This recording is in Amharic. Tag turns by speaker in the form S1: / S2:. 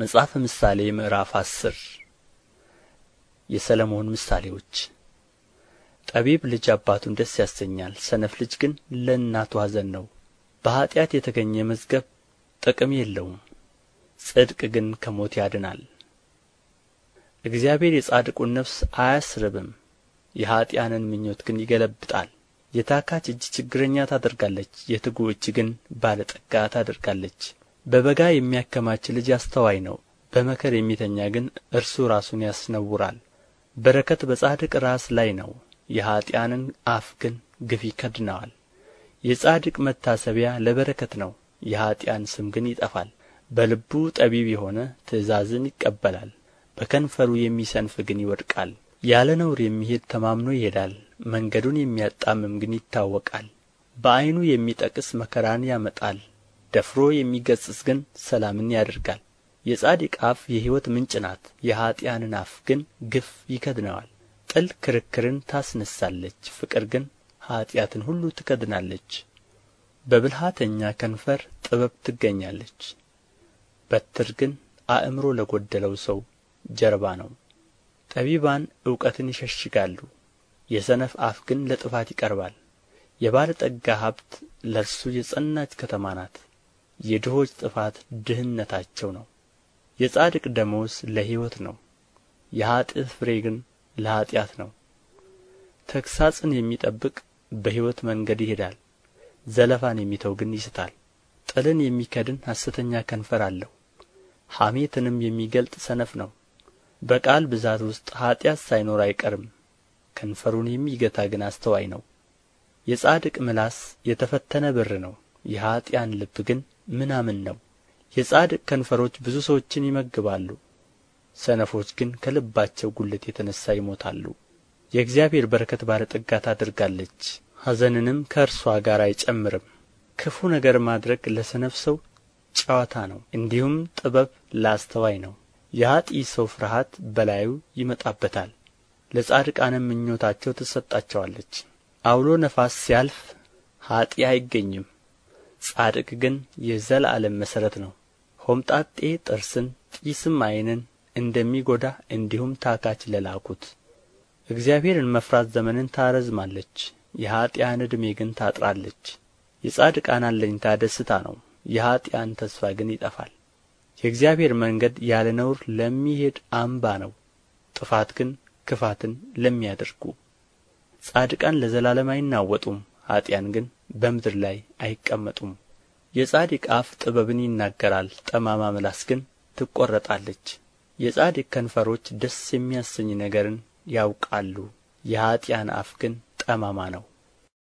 S1: መጽሐፈ ምሳሌ ምዕራፍ አስር የሰለሞን ምሳሌዎች ጠቢብ ልጅ አባቱን ደስ ያሰኛል፣ ሰነፍ ልጅ ግን ለእናቱ ሐዘን ነው። በኀጢአት የተገኘ መዝገብ ጥቅም የለውም፣ ጽድቅ ግን ከሞት ያድናል። እግዚአብሔር የጻድቁን ነፍስ አያስርብም፣ የኀጢአንን ምኞት ግን ይገለብጣል። የታካች እጅ ችግረኛ ታደርጋለች፣ የትጉ እጅ ግን ባለጠጋ ታደርጋለች። በበጋ የሚያከማች ልጅ አስተዋይ ነው በመከር የሚተኛ ግን እርሱ ራሱን ያስነውራል በረከት በጻድቅ ራስ ላይ ነው የኀጥኣንን አፍ ግን ግፍ ይከድነዋል የጻድቅ መታሰቢያ ለበረከት ነው የኀጢአን ስም ግን ይጠፋል በልቡ ጠቢብ የሆነ ትእዛዝን ይቀበላል በከንፈሩ የሚሰንፍ ግን ይወድቃል ያለ ነውር የሚሄድ ተማምኖ ይሄዳል መንገዱን የሚያጣምም ግን ይታወቃል በዐይኑ የሚጠቅስ መከራን ያመጣል ደፍሮ የሚገሥጽ ግን ሰላምን ያደርጋል የጻድቅ አፍ የሕይወት ምንጭ ናት የኅጥኣንን አፍ ግን ግፍ ይከድነዋል ጥል ክርክርን ታስነሳለች ፍቅር ግን ኃጢአትን ሁሉ ትከድናለች በብልሃተኛ ከንፈር ጥበብ ትገኛለች በትር ግን አእምሮ ለጐደለው ሰው ጀርባ ነው። ጠቢባን እውቀትን ይሸሽጋሉ፣ የሰነፍ አፍ ግን ለጥፋት ይቀርባል። የባለጠጋ ሀብት ለእርሱ የጸናች ከተማ ናት፣ የድሆች ጥፋት ድህነታቸው ነው የጻድቅ ደመወዝ ለሕይወት ነው የኃጥእ ፍሬ ግን ለኃጢአት ነው ተግሣጽን የሚጠብቅ በሕይወት መንገድ ይሄዳል ዘለፋን የሚተው ግን ይስታል ጥልን የሚከድን ሐሰተኛ ከንፈር አለው ሐሜትንም የሚገልጥ ሰነፍ ነው በቃል ብዛት ውስጥ ኀጢአት ሳይኖር አይቀርም ከንፈሩን የሚገታ ግን አስተዋይ ነው የጻድቅ ምላስ የተፈተነ ብር ነው የኀጥኣን ልብ ግን ምናምን ነው የጻድቅ ከንፈሮች ብዙ ሰዎችን ይመግባሉ ሰነፎች ግን ከልባቸው ጉለት የተነሳ ይሞታሉ የእግዚአብሔር በረከት ባለጠጋ ታደርጋለች ሀዘንንም ከእርሷ ጋር አይጨምርም ክፉ ነገር ማድረግ ለሰነፍ ሰው ጨዋታ ነው እንዲሁም ጥበብ ለአስተዋይ ነው የኀጥእ ሰው ፍርሃት በላዩ ይመጣበታል ለጻድቃንም ምኞታቸው ትሰጣቸዋለች አውሎ ነፋስ ሲያልፍ ኀጢ አይገኝም ጻድቅ ግን የዘላለም መሠረት ነው ሆምጣጤ ጥርስን ጢስም ዓይንን እንደሚጐዳ እንዲሁም ታካች ለላኩት እግዚአብሔርን መፍራት ዘመንን ታረዝማለች የኀጥኣን ዕድሜ ግን ታጥራለች የጻድቃን አለኝታ ደስታ ነው የኀጥኣን ተስፋ ግን ይጠፋል የእግዚአብሔር መንገድ ያለ ነውር ለሚሄድ አምባ ነው ጥፋት ግን ክፋትን ለሚያደርጉ ጻድቃን ለዘላለም አይናወጡም ኀጥኣን ግን በምድር ላይ አይቀመጡም የጻድቅ አፍ ጥበብን ይናገራል ጠማማ ምላስ ግን ትቈረጣለች የጻድቅ ከንፈሮች ደስ የሚያሰኝ ነገርን ያውቃሉ የኀጥኣን አፍ ግን ጠማማ ነው